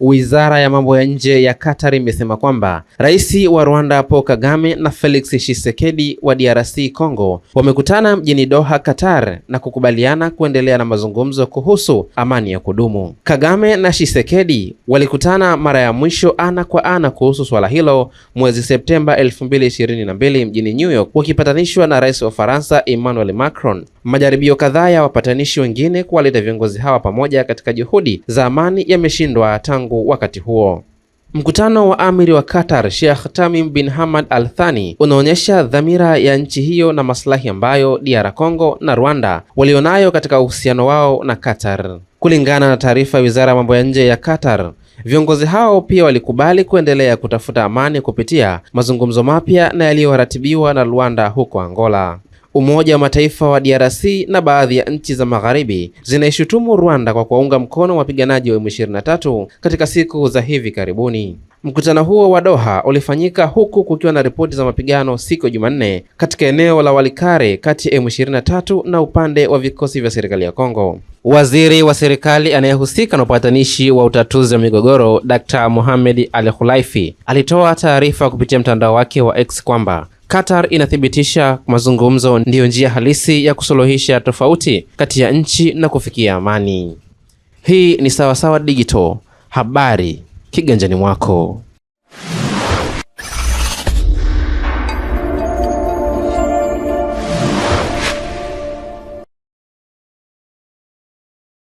Wizara ya mambo ya nje ya Qatar imesema kwamba rais wa Rwanda Paul Kagame na Felix Tshisekedi wa DRC Congo wamekutana mjini Doha, Qatar na kukubaliana kuendelea na mazungumzo kuhusu amani ya kudumu. Kagame na Tshisekedi walikutana mara ya mwisho ana kwa ana kuhusu swala hilo mwezi Septemba 2022 mjini New York, wakipatanishwa na rais wa Faransa Emmanuel Macron. Majaribio kadhaa ya wapatanishi wengine kuwaleta viongozi hawa pamoja katika juhudi za amani yameshindwa tangu wakati huo. Mkutano wa amiri wa Qatar Sheikh Tamim bin Hamad Al Thani unaonyesha dhamira ya nchi hiyo na maslahi ambayo DR Congo na Rwanda walionayo katika uhusiano wao na Qatar. Kulingana na taarifa ya Wizara ya Mambo ya Nje ya Qatar, viongozi hao pia walikubali kuendelea kutafuta amani kupitia mazungumzo mapya na yaliyoratibiwa na Rwanda huko Angola. Umoja wa Mataifa wa DRC na baadhi ya nchi za Magharibi zinaishutumu Rwanda kwa kuwaunga mkono wapiganaji wa M23 katika siku za hivi karibuni. Mkutano huo wa Doha ulifanyika huku kukiwa na ripoti za mapigano siku ya Jumanne katika eneo la walikare kati ya M23 na upande wa vikosi vya serikali ya Kongo. Waziri wa serikali anayehusika na upatanishi wa utatuzi wa migogoro, Dr. Mohamed Al Khulaifi alitoa taarifa kupitia mtandao wake wa X kwamba Qatar inathibitisha mazungumzo ndiyo njia halisi ya kusuluhisha tofauti kati ya nchi na kufikia amani. Hii ni Sawasawa Digital, habari kiganjani mwako.